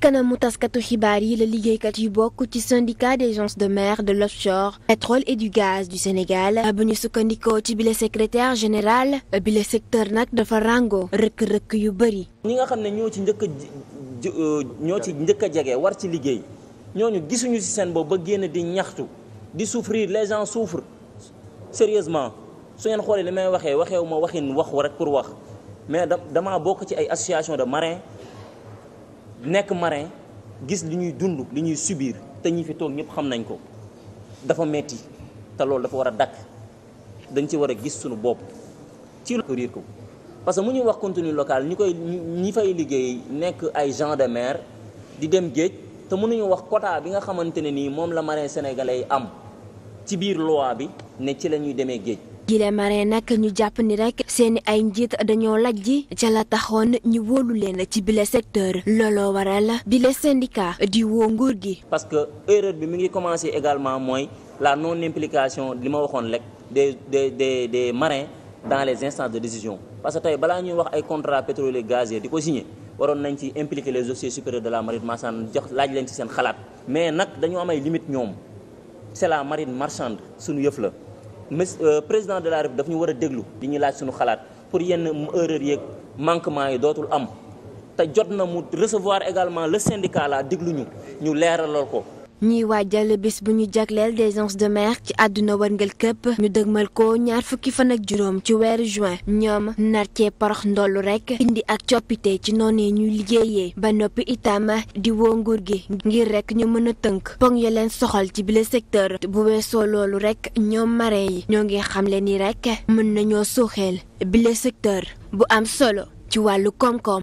kanamu taskatu xibaar yi la liggéeykat yu bokk ci syndicat des gens de maire de l'offshore pétrole et du gaz du Sénégal bu ñu sukkandikoo ci bile secrétaire général bile secteur nag dafa rango rëkk-rëkk yu bëri. ñi nga xam ne ñoo ci njëkk a euh, ñoo ci njëkk a jege war ci liggéey ñooñu gisuñu ci seen bopp ba génn di ñaxtu di souffrir les gens souffrent sérieusement su ngeen xoolee li may waxee waxeewu ma waxin wax rek pour wax mais damaa bokk ci ay association de marins. nekk marin gis li ñuy dund li ñuy subir te ñi fi toog ñëpp xam nañ ko dafa metti te loolu dafa war a dakk dañ ci war a gis sunu bopp ci riir ko parce que mu ñuy wax contenu local ñi koy ñi fay liggéey nekk ay gens de mer di dem géej te mënuñu wax quota bi nga xamante ne nii moom la marin sénégalais yi am ci biir loi bi ne ci la ñuy demee géej. gile maree nag ñu jàpp ni rek seeni ay njiit dañoo lajji ca la taxoon ñu wóolu leen ci bile secteur looloo waral bile syndicat di woo nguur gi. parce que erreur bi mi ngi commencé également mooy la non implication li ma waxoon rek des de de des marins dans les instances de décision parce que tey balaa ñuy wax ay contrat pétrolier gazier di ko signé waroon nañ ci impliquer les officiers supérieurs de la marine maanaam laaj leen ci seen xalaat mais nag dañoo am ay limites ñoom. c'est la marine marchande suñu yëf la mais euh, président de la République daf ñu war a déglu di ñu laaj suñu xalaat pour yenn erreur yeeg manquement yi dootul am te jot na mu recevoir également le syndicat la déglu ñu ñu leeralal ko ñiy waajal bis bu ñu jagleel des anses de mer ci àdduna wërngal këpp ñu dëgmal ko ñaar fukki fan ak juróom ci weeru juin ñoom nar cee porox ndoll rek indi ak coppite ci noonu ñuy liggéeyee ba noppi itam di woo nguur gi ngir rek ñu mën a tënk poŋ ya leen soxal ci bile secteur bu weesoo loolu rek ñoom marin yi ñoo ngi xamle ni rek mën nañoo suuxeel bile secteur bu am solo ci wàllu koom-koom.